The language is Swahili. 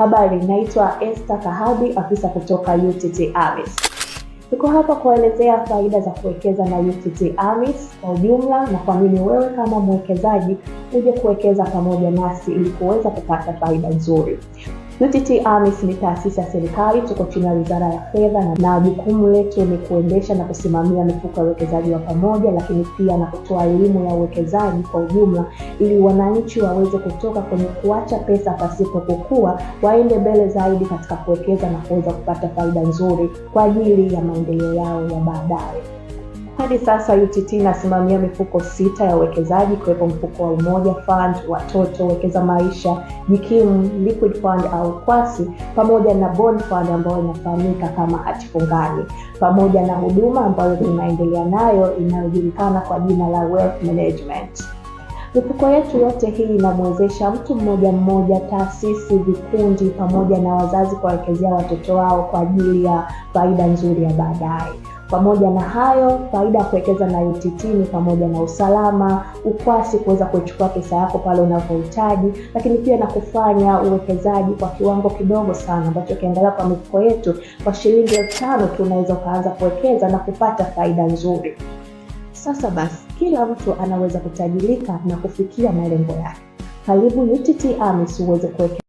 Habari, naitwa Esther kahabi afisa kutoka UTT AMIS. Tuko hapa kuelezea faida za kuwekeza na UTT AMIS kwa ujumla na kwa nini wewe kama mwekezaji uje kuwekeza pamoja nasi ili kuweza kupata faida nzuri. UTT AMIS ni taasisi ya serikali, tuko chini ya Wizara ya Fedha, na jukumu letu ni kuendesha na kusimamia mifuko ya uwekezaji wa pamoja, lakini pia na kutoa elimu ya uwekezaji kwa ujumla, ili wananchi waweze kutoka kwenye kuacha pesa pasipo kukua, waende mbele zaidi katika kuwekeza na kuweza kupata faida nzuri kwa ajili ya maendeleo yao ya baadaye. Hadi sasa UTT inasimamia mifuko sita ya uwekezaji ikiwepo mfuko wa Umoja Fund, watoto wekeza maisha, Jikimu, Liquid Fund au Kwasi, pamoja na Bond Fund ambayo inafahamika kama hatifungani, pamoja na huduma ambayo inaendelea nayo inayojulikana kwa jina la wealth management. Mifuko yetu yote hii inamwezesha mtu mmoja mmoja, taasisi, vikundi pamoja na wazazi kuwawekezea watoto wao kwa ajili ya faida nzuri ya baadaye. Pamoja na hayo, faida ya kuwekeza na UTT ni pamoja na usalama, ukwasi, kuweza kuichukua pesa yako pale unavyohitaji, lakini pia na kufanya uwekezaji kwa kiwango kidogo sana, ambacho ukiangalia kwa mifuko yetu kwa shilingi elfu tano tu unaweza ukaanza kuwekeza na kupata faida nzuri. Sasa basi, kila mtu anaweza kutajirika na kufikia malengo yake. Karibu UTT AMIS uweze kuwekeza